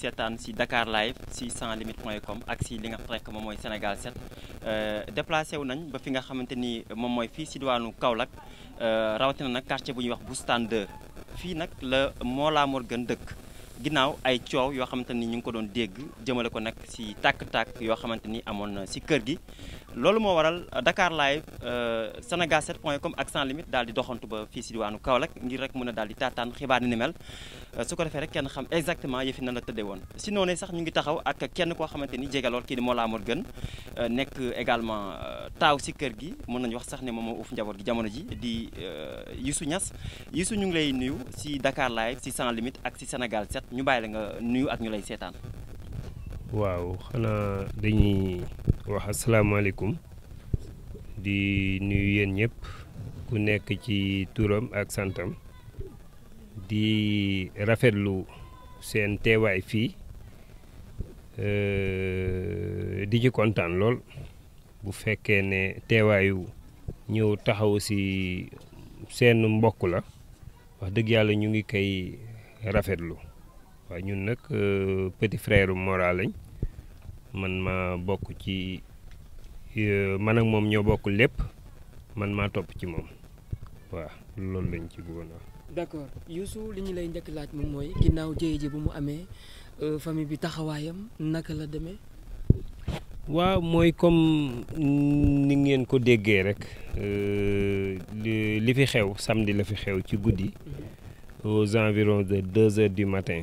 seetaan si Dakar live si sans limite point com ak si li nga xam rek moom mooy Sénégal 7 euh, déplacé wu nañ ba fi nga xamante ni moom mooy fii si diwaanu Kaolack euh, rawatina na quartier bu ñuy wax Boustan 2 fii nag la Mollah Morgun dëkk. ginnaaw ay coow yoo xamante ni ñu ngi ko doon dégg jëmale ko nag si tàkk-tàkk yoo xamante ni amoon na si kër gi. loolu moo waral Dakar Live euh, Sénégal 7 point com ak sans limite daal di doxantu ba fii si diwaanu Kaolack ngir rek mën a daal di taataan xibaar ni mel euh, su ko defee rek kenn xam exactement yëfi nan la tëddee woon. si noonu sax ñu ngi taxaw ak kenn koo xamante ni jégalool kii di Mollah Morgun euh, nekk également. taaw si kër gi mën nañu wax sax ne moom moo uuf njaboot gi jamono ji di euh, Youssou Niass Youssou ñu ngi lay nuyu si Dakar Live si Sans Limite ak si senegal 7 ñu bàyyi la nga nuyu ak ñu lay seetaan. waaw xanaa dañuy wax asalaamaaleykum di nuyu yéen ñëpp ku nekk ci turam ak santam di rafetlu seen teewaay fii euh, di ci kontaan lool. bu fekkee ne teewaayu ñëw taxaw si seen mbokk la wax dëgg yàlla ñu ngi koy rafetlu waa ñun nag euh, petit frère Mora lañ man ma bokk ci euh, man ak moom ñoo bokk lépp man maa topp ci moom waaw loolu lañ ci bëggoon a d'accord Youssou li ñu lay njëkk laaj moom mooy ginnaaw jëye ji bu mu amee euh, famille bi taxawaayam naka la demee waaw mooy comme ni ngeen ko déggee rek euh, li fi xew samedi la fi xew ci guddi aux environs de deux heures du matin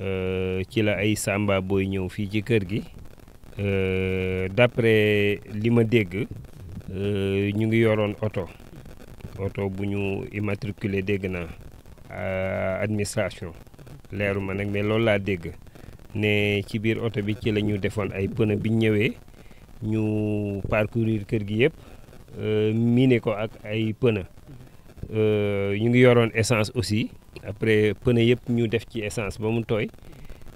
euh, ci la ay sàmba booy ñëw fii ci kër gi euh, d'après li ma dégg ñu ngi yoroon oto oto bu ñu immatriculé dégg naa administration leeru ma nag mais loolu laa dégg ne ci biir oto bi ci la ñu defoon ay pneu bi ñu ñëwee ñu parcourir kër gi yëpp euh, miine ko ak ay pneu euh, ñu ngi yoroon essence aussi après pneu yëpp ñu def ci essence ba mu tooy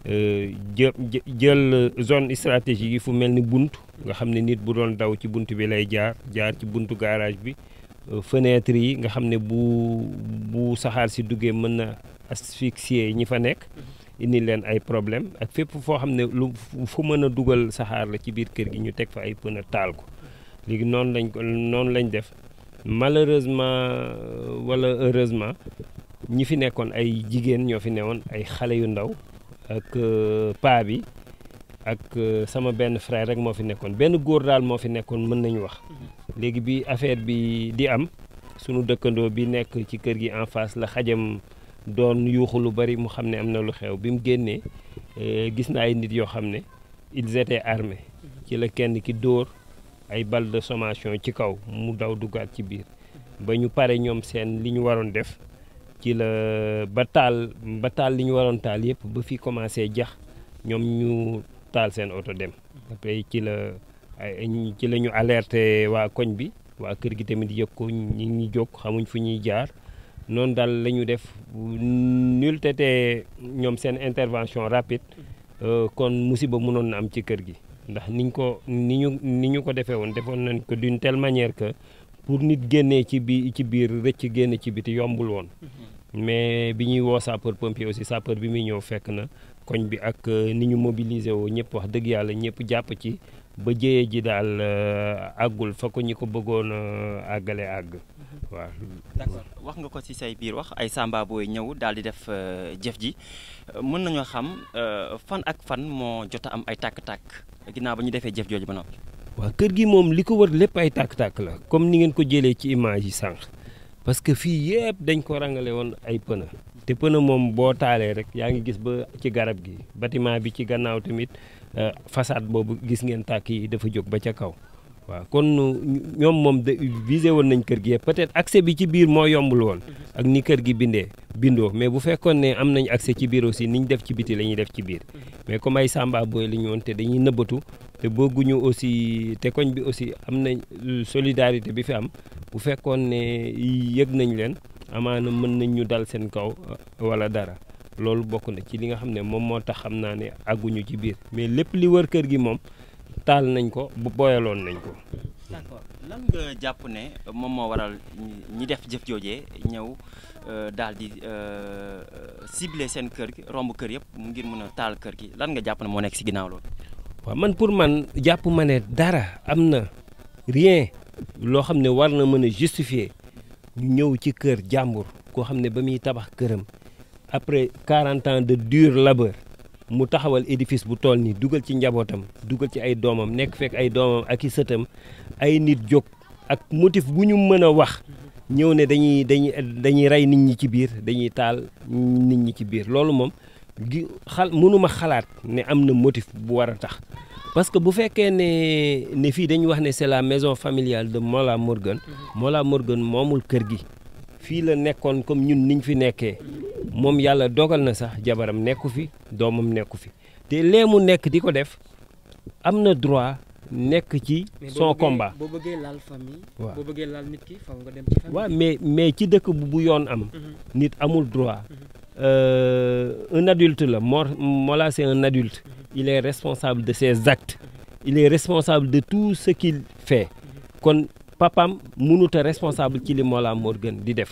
euh, jë jël zone stratégique yi fu mel ni bunt nga xam ne nit bu doon daw ci bunt bi lay jaar jaar ci buntu garage bi fenêtre yi nga xam ne bu bu saxaar si duggee mën na asphyxier ñi fa nekk indi leen ay problème ak fépp foo xam ne lu fu mën a dugal saxaar la ci biir kër gi ñu teg fa ay pneu taal ko léegi noonu lañ ko noonu lañ def malheureusement euh, wala heureusement ñi fi nekkoon ay jigéen ñoo fi newoon ay xale yu ndaw ak euh, paa bi ak euh, sama benn frère rek moo fi nekkoon benn góor daal moo fi nekkoon mën nañu wax léegi bi affaire bi di am sunu dëkkandoo bi nekk ci kër gi en face la xajam doon yuuxu lu bari mu xam ne am na lu xew bi mu génnee eh, gis na ay nit yoo xam ne ils étaient armés ci la kenn ki dóor ay balle de sommation ci kaw mu daw duggaat ci biir ba ñu pare ñoom seen li ñu waroon def ci la ba taal ba taal li ñu waroon taal yëpp ba fi commencé jax ñoom ñu taal seen oto dem après ci la ci la ñu waa koñ bi waa kër gi tamit yëg ko ñi ñi jóg xamuñ fu ñuy jaar noonu daal la ñu def nul tete ñoom seen intervention rapide euh, kon musiba munoon na am ci kër gi ndax niñ ko ni ñu ni ñu ko defee woon defoon nañ ko d'une telle manière que pour nit génnee ci bi ci biir rëcc génn ci biti yombul woon mm-hmm. mais bi ñuy woo sapeur pompier aussi sapeur bi muy ñëw fekk na koñ bi ak euh, ni ñu mobiliser woo ñëpp wax dëgg yàlla ñëpp jàpp ci ba jëyee ji daal euh, àggul fa ko ñi ko bëggoon euh, àggale àgg. Mhm. waaw d'accord wax nga ko ci say biir wax ay Samba booy ñëw daal di def euh, jëf ji mën nañoo xam fan ak fan moo jot am ay tàkk-tàkk ginnaaw ba ñu defee jëf jooju ba noppi. waaw kër gi moom li ko wër lépp ay tàkk-tàkk la comme ni ngeen ko jëlee ci image yi sànq parce que fii yëpp dañ ko rangale woon ay pneu. te pneu moom boo taalee rek yaa ngi gis ba ci garab gi bâtiment bi ci gannaaw tamit. Euh, façade boobu gis ngeen tàkk yi dafa jóg ba ca kaw waaw kon ñoom moom de visé woon nañ kër gi yëpp peut-être accès bi ci biir moo yombul woon ak ni kër gi bindee bindoo mais bu fekkoon ne am nañ accès ci biir aussi ni ñu def ci biti lañuy def ci biir mais comme ay samba booy la ñu woon te dañuy nëbbatu te bëgguñu aussi te koñ bi aussi am nañ solidarité bi fi am bu fekkoon ne yëg nañ leen amaana mën nañ ñu dal seen kaw walla dara loolu bokk na ci li nga xam ne moom moo tax xam naa ne àgguñu ci biir mais lépp li war kër gi moom taal nañ ko bu booyaloon nañ ko. d'accord lan nga jàpp ne moom moo waral ñi def jëf joojee ñëw euh, daal di euh, cibler seen kër gi romb kër yëpp ngir mën a taal kër gi lan nga jàpp ne moo nekk ci ginnaaw loolu. man pour man jàpp ma ne dara am na rien loo xam ne war na mën a justifier ñu ñëw ci kër jàmbur koo xam ne ba muy tabax këram. après quarante ans de dur labeur mu taxawal édifice bu tool nii dugal ci njabootam dugal ci ay doomam nekk fekk ay doomam ak i sëtam ay nit jóg ak motif bu ñu mën a wax ñëw ne dañuy dañuy dañuy rey nit ñi ci biir dañuy taal nit ñi ci biir loolu moom gi xal mënuma xalaat ne am na motif bu war a tax parce que bu fekkee ne ne fii dañu wax ne c'est la maison familiale de Mola Morgan mhm. Mola Morgan moomul kër gi fii la nekkoon comme ñun ni ñu fi nekkee moom yàlla dogal na sax jabaram nekku fi doomam nekku fi te lee mu nekk di ko def am na droit nekk ci son combat boo bëggee laal famille waaw bëggee laal nit ki faw dem ci mais mais ci dëkk bu bu yoon am mhm. nit amul droit mhm. euh, un adulte la Mor Mollah c'est un adulte mhm. il est responsable de ses actes il est responsable de tout ce qu'il fait papaam mënut responsable ci li Mollah Morgun di def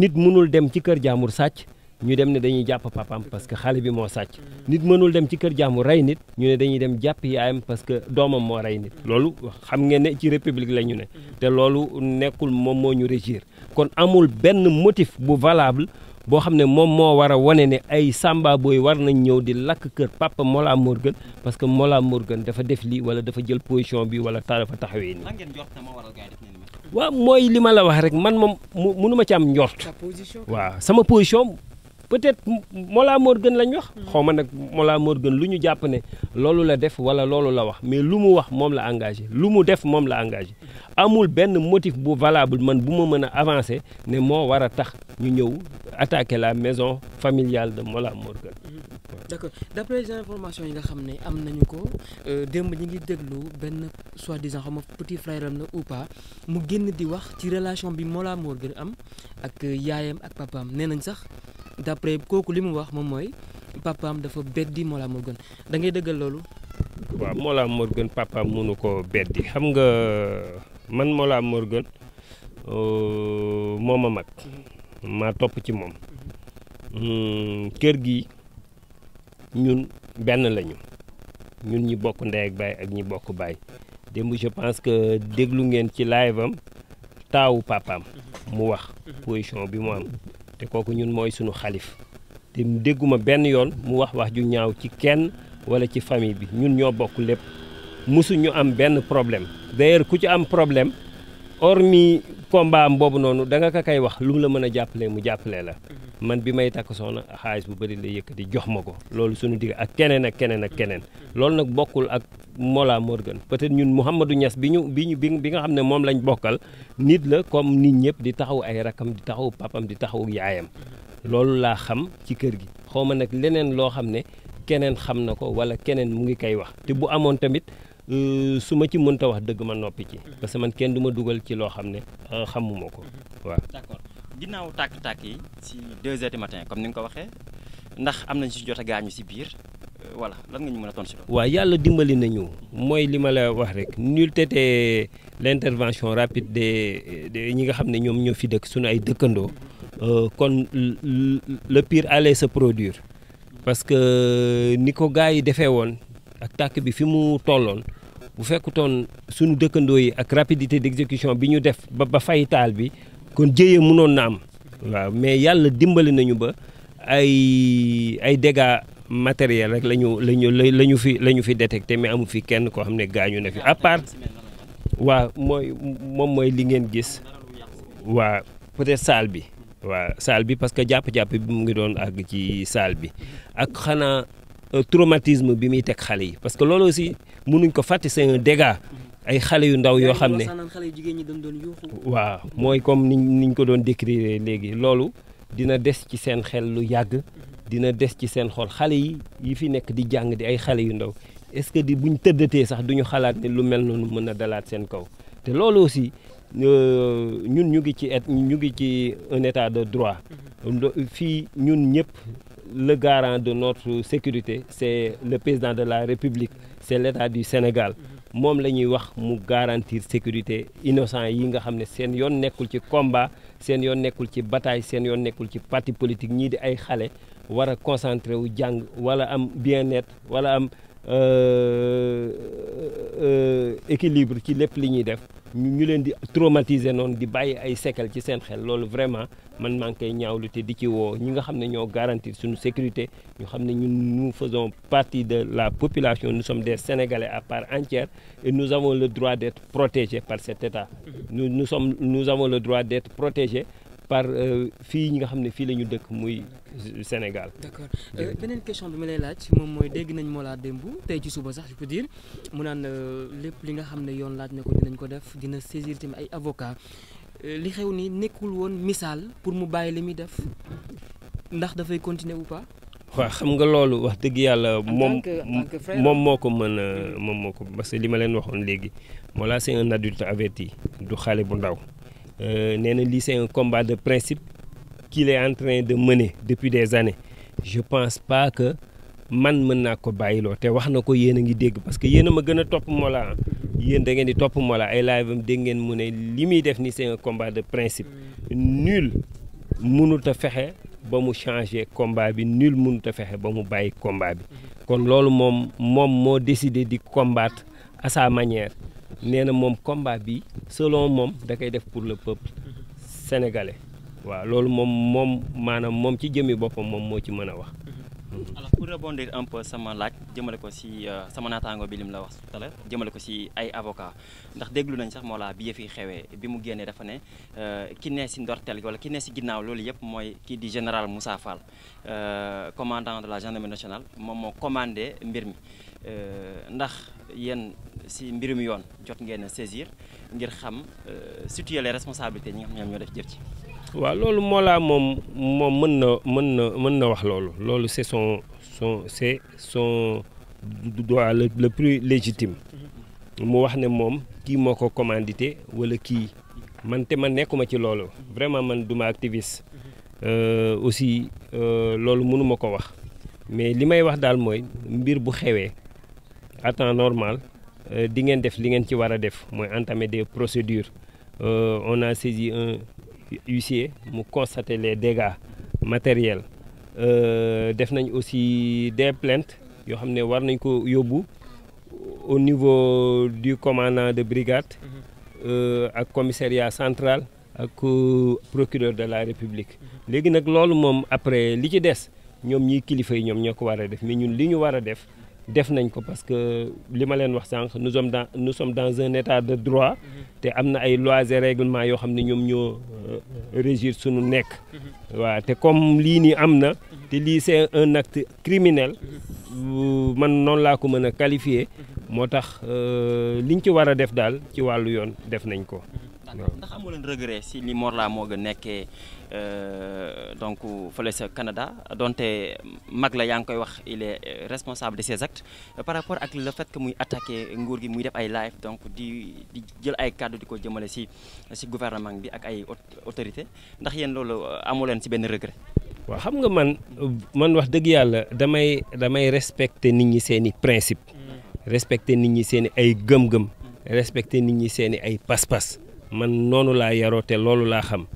nit mënul dem ci kër jaamur sàcc ñu dem ne dañuy jàpp papaam parce que xale bi moo sàcc nit mënul dem ci kër jaamur rey nit ñu ne dañuy dem jàpp yaayam parce que doomam moo rey nit loolu xam nga ne ci république la ñu ne te loolu nekkul moom moo ñu régir kon amul benn motif bu valable boo xam ne moom moo war a wane ne ay samba booy war nañ ñëw di lakk kër papa Mola Morgan parce que Mola Morgan dafa def lii wala dafa jël position bi wala ta dafa taxawee nii. waaw mooy li ma la wax rek man moom mu mënuma ci am njort. waaw sama position peut-être Mollah Morgun lañ wax. xaw ma nag Mollah Morgun lu ñu jàpp ne loolu la def wala loolu la wax mais lu mu wax moom la engagé lu mu def moom la engage amul benn motif bu valable man bu ma mën a avancé ne moo war a tax ñu ñëw attaquer la maison familiale de Mollah Morgun. Mmh. d'accord d'après les yi nga xam ne am nañu ko euh, démb ñi ngi déglu benn soi-disant xam petit frère am na ou pas mu génn di wax ci relation bi Mollah Morgun am ak yaayam ak papaam nee nañ sax. d'après kooku li mu wax moom mooy papaam dafa beddi Mollah Morgun da ngay dëggal loolu. waaw Mollah Morgun papaam munu ko beddi xam nga man Mollah Morgun euh, moo ma mag maa topp ci moom hmm, kër gi ñun benn lañu ñun ñi bokk ndey ak baay ak ñi bokk baay démb je pense que déglu ngeen ci live am taawu papaam mu wax position bi mu am. te kooku ñun mooy suñu xalif te dégguma benn yoon mu wax wax ju ñaaw ci kenn wala ci famille bi ñun ñoo bokk lépp musu ñu am benn problème d'ailleurs ku ci am problème hormis combat am boobu noonu da nga ko koy wax lu mu la mën a jàppalee mu jàppalee la man bi may takk soxna xaalis bu bëri la yëkkati jox ma ko loolu suñu digg ak keneen ak keneen ak keneen loolu nag bokkul ak Mola Morgan peut-être ñun Mouhamadou Niass bi ñu bi ñu bi nga xam ne moom lañ bokkal nit la comme nit ñëpp di taxaw ay rakkam di taxaw papam di taxaw yaayam loolu laa xam ci kër gi xaw ma nag leneen loo xam ne keneen xam na ko wala keneen mu ngi koy wax te bu amoon tamit euh, su ma ci mënta wax dëgg ma noppi ci parce man kenn duma dugal ci loo xam ne euh, ko mhm. ginnaaw tàkk-tàkk yi si 2 heures du matin comme ni nga ko waxee ndax am nañ si jot a gaañu si biir euh, voilà lan nga ñu mën a tontu si loolu. waaw yàlla dimbali nañu mooy li ma la wax rek nul était l' intervention rapide des des ñi nga xam ne ñoom ñoo fi dëkk suñu ay dëkkandoo euh, kon le pire allait sa produire parce que euh, ni ko gars yi defee woon ak tàkk bi fi mu tolloon. bu fekkutoon sunu dëkkandoo yi ak rapidité d' exécution bi ñu def ba ba fay taal bi kon jéye mënoon na am waaw mais yàlla dimbali nañu ba ay ay dégâts matériels rek la ñu la ñu la ñu fi la ñu fi détecté mais amu fi kenn koo xam ne gaañu na fi à part waaw mooy moom mooy li ngeen gis waa peut-être salle bi waa salle bi parce que jàpp-jàpp bi mu ngi doon àgg ci salle bi ak xanaa euh, traumatisme bi muy teg xale yi parce loolu aussi mënuñ ko fàtte c'est un ay xale yu ndaw yoo xam ne waaw mooy comme ni niñ ko doon décrire léegi loolu dina des ci seen xel lu yàgg dina des ci seen xol xale yi yi fi nekk di jàng di ay xale yu ndaw est-ce que di buñ tëddatee sax duñu xalaat ne lu mel noonu mën a dalaat seen kaw te loolu aussi euh, ñun ñu ngi ci et ñu ngi ci un état de droit mhm. fii ñun ñëpp le garant de notre sécurité c'est le président de la République c'est l'État du Sénégal mhm. moom la ñuy wax mu garantir sécurité innocent yi nga xam ne seen yoon nekkul ci combat seen yoon nekkul ci bataay seen yoon nekkul ci parti politique ñii di ay xale war a concentré wu jàng wala am bien-être am Euh, euh, équilibre ci lépp li ñuy def ñu leen di traumatiser noonu di bàyyi ay séquelles ci seen xel loolu vraiment man maa ngi koy ñaawlu te di ci woo ñi nga xam ne ñoo garantir suñu sécurité ñu xam ne ñun nous faisons partie de la population nu sommes des Sénégalais à part entière et nous avons le droit d'être protégés par cet État mmh. nous nous sommes nous avons le droit d'être protégés par euh, fii ñi nga xam ne fii la ñu dëkk muy Sénégal. d'accord euh, beneen question bi ma lay laaj moom mooy dégg nañ laa démb tey ci suba sax je peux dire mu naan euh, lépp li nga xam ne yoon laaj na ko dinañ ko def dina saisir tamit ay avocat li xew ni nekkul woon misaal pour mu bàyyi li muy def ndax dafay continuer ou pas. waa xam nga loolu wax dëgg yàlla moom moom moo ko mën mm-hmm. moom moo ko parce que li ma leen waxoon léegi moo laa Mollah c'est un adulte averti du xale bu ndaw. Euh, nee na lii c'est un de principe qu'il est en train de mener depuis des années je pense pas que man mën naa ko bàyyiloo te wax na ko yéen a ngi dégg parce que yéen a ma gën a topp Mollah yéen da ngeen di topp Mollah ay live am dégg ngeen mu ne li muy def ni c'est un de principe nul mënut a fexe ba mu changer combat bi nul mënut a fexe ba mu bàyyi combat bi kon loolu moom moom moo décidé di combattre à sa manière nee na moom combat bi selon moom da kay def pour le peuple sénégalais waaw loolu moom moom maanaam moom ci jëmmi boppam moom moo ci mën a wax. alors pour rebondir un peu sama laaj jëmale ko si euh, sama naataango bi lim la wax tout à l'heure jëmale ko si ay avocat ndax déglu nañ sax moo laa bi yëf xewee bi mu génnee dafa ne euh, ki ne si ndorteel wala ki ne si ginnaaw loolu yëpp mooy kii di général Moussa Fall euh, commandant de la gendarmerie nationale moom moo commandé mbir mi ndax yéen si mbirum yoon jot ngeen a saisir ngir xam euh, situer les responsabilités ñi nga xam ne ñoo def jëf ci. waaw loolu Mollah moom moom mën na mën na mën na wax loolu loolu c'est son son c'est son droit le le plus légitime mu wax ne moom kii moo ko commandité wala kii man te man nekkuma ci loolu vraiment man duma activiste euh, aussi euh, loolu mënuma ko wax mais li may wax daal mooy mbir bu xewee à normal Euh, di ngeen def li ngeen ci war a def mooy entamer des procédures euh, on a saisi un huissier mu constater les dégâts matériels euh, def nañ aussi des plaintes yoo xam ne war nañ ko yóbbu au niveau du commandant de brigade euh, ak commissariat central ak euh, procureur de la république léegi nag loolu moom après li ci des ñoom ñiy kilifa yi ñoom ñoo ko war a def mais ñun li ñu war a def def nañ ko parce que li ma leen wax sànq nous sommes dans nous sommes un état de droit mm-hmm. te am na ay lois et règlements yoo xam ne ñoom ñoo euh, régir sunu nekk mm-hmm. waaw te comme lii nii am na te mm-hmm. lii c'est un acte criminel man noonu laa ko mën a qualifier moo tax euh, liñ ci war a def daal ci wàllu yoon def nañ ko ndax amu leen regret si li Mor Laa Moog nekkee euh, donc fële sa Canada donte mag la yaa ngi koy wax il est euh, responsable de ses euh, par rapport ak le fait que muy attaqué nguur gi muy def ay live donc di jël ay kàddu di ko jëmale si si gouvernement bi ak ay autorité ndax yéen loolu amu leen si benn regret. waaw xam nga man man wax dëgg yàlla damay damay respecter nit ñi seen i principe. Mm. respecter nit ñi seen i ay gëm-gëm. Mm. respecter nit ñi seeni ay pas-pas. man noonu laa yaroo te loolu laa xam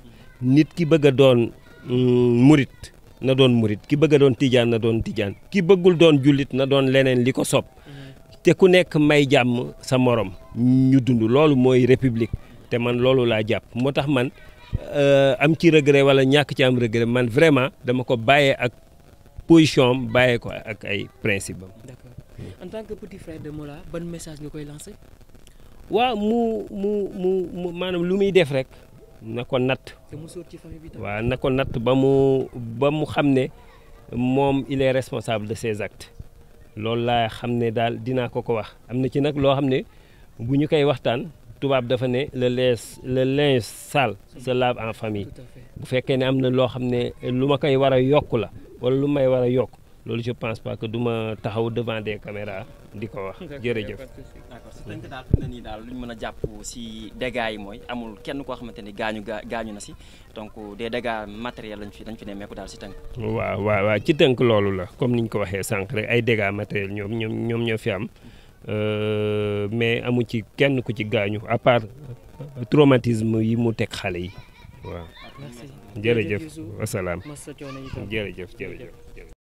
nit ki bëgg a doon mm, murit na doon murit ki bëgg a doon tiijaan na doon tijaan ki bëggul doon jullit na doon leneen li ko sob te ku nekk may jàmm sa morom ñu dund loolu mooy république te man loolu laa jàpp moo tax man euh, am ci regret wala ñàkk ci am regret man vraiment dama ko bàyyee ak position am bàyyee ko ak ay principe am. en tant que petit frère de Mollah ban message nga koy lancer. waaw mu mu mu maanaam lu muy def rek na ko natt waaw na ko natt ba mu ba mu xam ne moom il est responsable de ses loolu laa xam ne daal dinaa ko ko wax am na ci nag loo xam ne bu ñu koy waxtaan tubaab dafa ne le linge le linge sale se lave en famille bu fekkee ne am na loo xam ne lu ma koy war a yokk la wala lu may war a yokk loolu je pense pas que duma taxaw devant des caméras di ko wax jërëjëf. d'accord si daal mën a jàpp si dégâts yi mooy amul kenn koo xamante ni gaañu gaañu na si donc des dégâts matériels lañ fi dañ fi nemmeeku daal si tënk. waaw waaw waaw ci tënk loolu la comme ni ñu ko waxee sànq rek ay dégâts matériels ñoom ñoom ñoom ñoo fi am euh, mais amu ci kenn ku ci gaañu à part euh, traumatisme yi mu teg xale yi waaw. jërëjëf wasalaam jërëjëf jërëjëf.